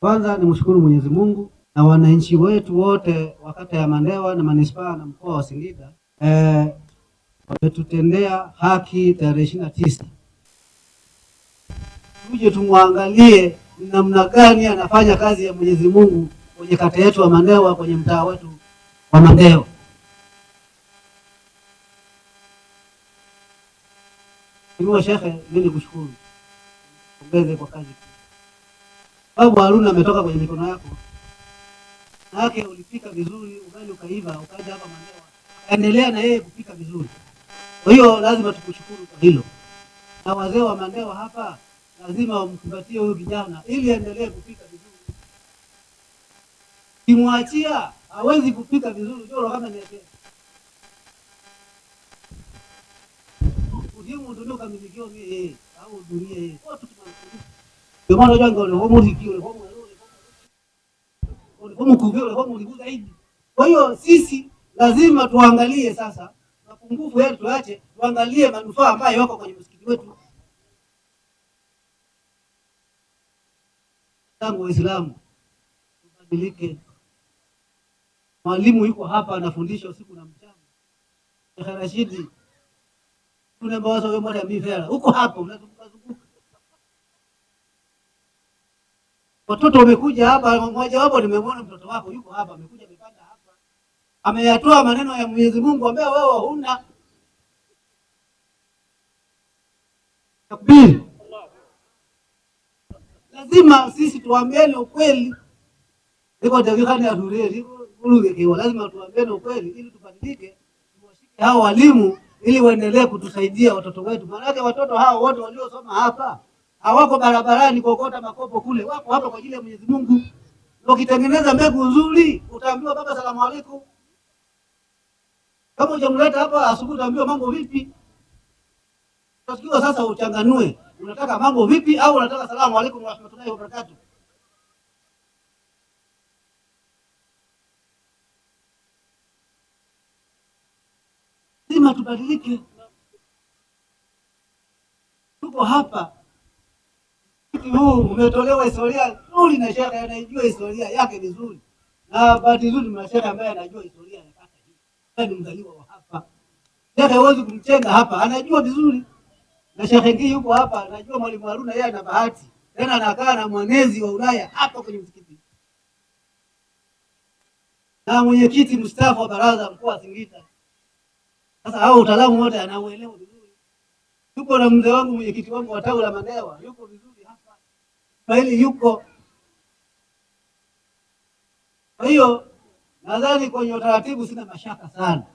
Kwanza nimshukuru Mwenyezi Mungu na wananchi wetu wote wa kata ya Mandewa na manispaa na mkoa wa Singida eh, wametutendea haki tarehe ishirini na tisa. Tuje tumwangalie ni namna gani anafanya kazi ya Mwenyezi Mungu kwenye kata yetu ya Mandewa, kwenye mtaa wetu wa Mandewa. Mheshimiwa Shekhe, mimi nikushukuru, pongeze kwa kazi Babu Haruna ametoka kwenye mikono yako, nake ulipika vizuri ugali ukaiva, ukaja hapa Mandewa, endelea na yeye kupika vizuri. Kwa hiyo lazima tukushukuru kwa hilo, na wazee wa Mandewa hapa lazima wamkumbatie huyu kijana ili aendelee kupika vizuri. Kimwachia hawezi kupika vizuri joro kama ni muhimu ndio kamilikiwa yeye au dunia yeye kwa tutumwa kwa hiyo sisi lazima tuangalie sasa mapungufu yetu, tuache tuangalie manufaa ambayo yako kwenye msikiti wetu. tangu Waislamu tubadilike. Mwalimu yuko hapa anafundisha usiku na mchana. Sheikh Rashidi, tuna wazo wewe, mwalimu mimi fela huko hapo watoto wamekuja hapa, mmoja wapo nimemwona mtoto wako yuko hapa, amekuja amepanda hapa, ameyatoa maneno ya Mwenyezi Mungu ambayo wewe huna. Takbir! Lazima sisi tuambiane ukweli, iko tavikani atureri ulugekiwa, lazima tuambiane ukweli ili tubadilike, tuwashike hao walimu ili waendelee kutusaidia watoto wetu, maanake watoto hao wote waliosoma hapa hawako barabarani kuokota makopo kule, wapo hapa kwa ajili ya Mwenyezi Mungu. Ukitengeneza mbegu nzuri utaambiwa baba, salamu alaikum Kama hujamleta hapa asubuhi utaambiwa mambo vipi? Tasikiwa sasa uchanganue, unataka mambo vipi au unataka salamu rahmatullahi wa barakatuh. Lazima tubadilike, tuko hapa wakati huu umetolewa historia nzuri, na shekhe anajua historia yake vizuri, na bahati nzuri mna shekhe ambaye anajua historia ya kata hii, Yeye ni mzaliwa wa hapa. Shekhe hawezi kumchenga hapa, anajua vizuri, na shekhe ngii yuko hapa, anajua mwalimu Haruna, yeye ana bahati tena, anakaa na mwenezi wa Ulaya hapa kwenye msikiti na mwenyekiti mstaafu wa baraza mkuu wa Singida. Sasa hao utaalamu wote anauelewa vizuri. Yuko na mzee wangu mwenyekiti wangu wa tawi la Mandewa, yuko vizuri. Kiswahili yuko. Kwa hiyo nadhani kwenye utaratibu sina mashaka sana,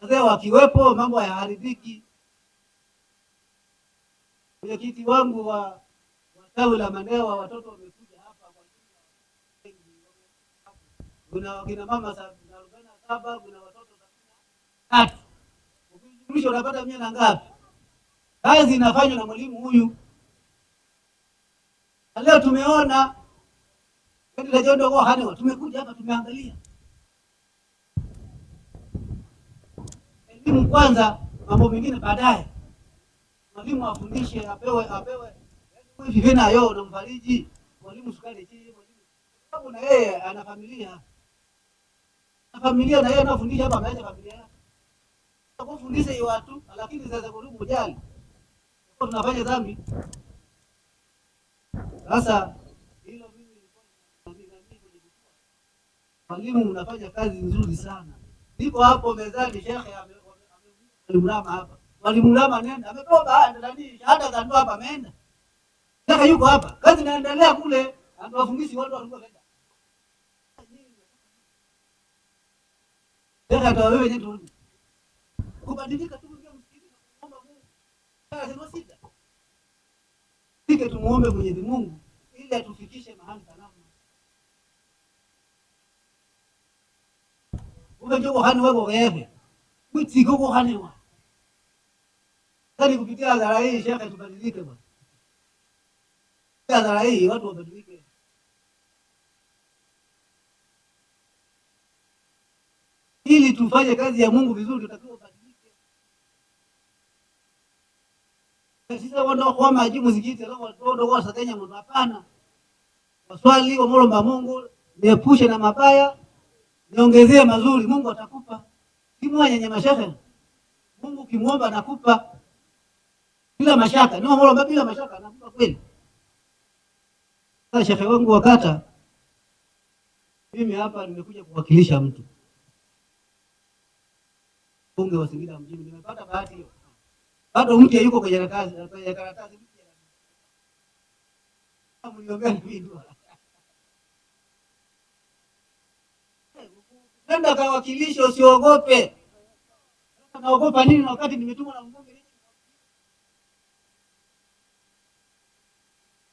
wazee wakiwepo mambo hayaharibiki. Mwenyekiti wangu wa tawi la Manewa, watoto wamekuja hapa kwa kuna wakina mama arobaini na saba kuna watoto sabini na tatu ukijumlisha unapata mia na ngapi? Kazi inafanywa na mwalimu huyu. Na leo tumeona Hanewa, tumekuja hapa tumeangalia elimu kwanza, mambo mengine baadaye. Mwalimu afundishe, apewe apewe vina yo na mfariji mwalimu sukari chini, sababu na yeye ana familia na familia, na yeye anafundisha hapa, ameacha familia yake kufundisha watu, lakini sasa kurubu jali tunafanya dhambi. Sasa hilo mimi nilikuwa mwalimu, mnafanya kazi nzuri sana. Niko hapo mezani shekhe ameulama hapa, mwalimu Lama nenda, ametoka nani shahada za ndoa hapa, ameenda shekhe yuko hapa, kazi inaendelea kule, wafungishi watu walikuwa kaenda shekhe atawawewe nyetu kubadilika tu, msikiliza kuomba Mungu sita tufike tumuombe Mwenyezi Mungu ili atufikishe mahali salama. uvejo kohani wegogehe mwitike ukohanewa kani kupitia hadhara hii shekhe, tubadilike bwana. Hadhara hii watu wabadilike. Ili tufanye kazi ya Mungu vizuri tutakiwa Sisi wano kwa majibu zikite leo ndodo kwa satenya mtu hapana. Waswali wamwomba Mungu niepushe na mabaya, niongezee mazuri, Mungu atakupa. Kimwa nyenye mashaka. Mungu kimwomba anakupa bila mashaka. Ni wamwomba bila mashaka anakupa kweli. Sasa shehe wangu wa mimi hapa nimekuja kuwakilisha mtu. Bunge wa Singida mjini nimepata bahati hiyo bado mke yuko kwenye karatasi kwenye karatasi nenda kawakilisha, usiogope. Naogopa nini na wakati nimetumwa na mbunge?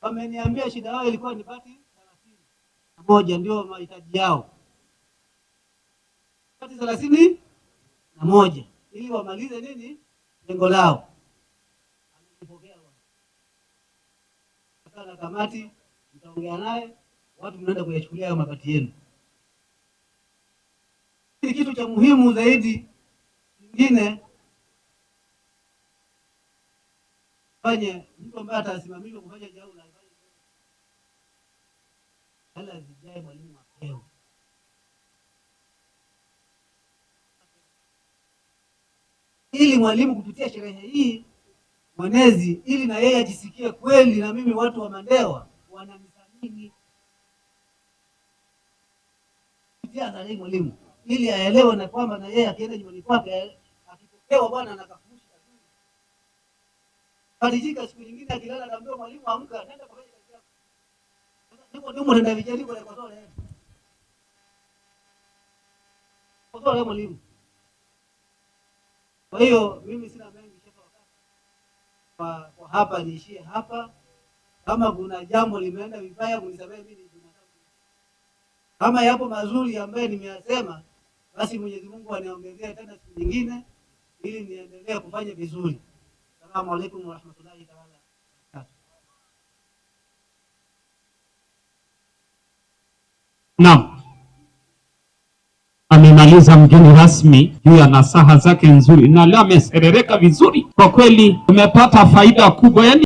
Wameniambia shida yao ilikuwa ni bati thelathini na moja ndio mahitaji yao, bati thelathini na moja ili wamalize nini lengo lao amelipokea. Bwana kamati, mtaongea naye, watu mnaenda kuyachukulia hayo mabati yenu. Kitu cha muhimu zaidi kingine fanye mtu ambaye atasimamishwa kufanya jambo la zijae ili mwalimu kupitia sherehe hii mwenezi, ili na yeye ajisikie kweli, na mimi watu wa Mandewa wananithamini kupitia adhara hii mwalimu, ili aelewe na kwamba na yeye akienda nyumbani kwake akipokewa, bwana anakafunisha kadijika. Siku nyingine akilala mdomo mwalimu, amka, nenda kwa ndio mwalimu kwa hiyo mimi sina mengi kwa, kwa hapa niishie hapa. Kama kuna jambo limeenda vibaya kunisamehe mimi, kama yapo mazuri ambayo nimeyasema, basi Mwenyezi Mungu aniongezee tena siku nyingine ili niendelee kufanya vizuri. Asalamu alaykum wa rahmatullahi taala. Naam kumuuliza mgeni rasmi juu ya nasaha zake nzuri, na leo ameserereka vizuri kwa kweli, umepata faida kubwa yani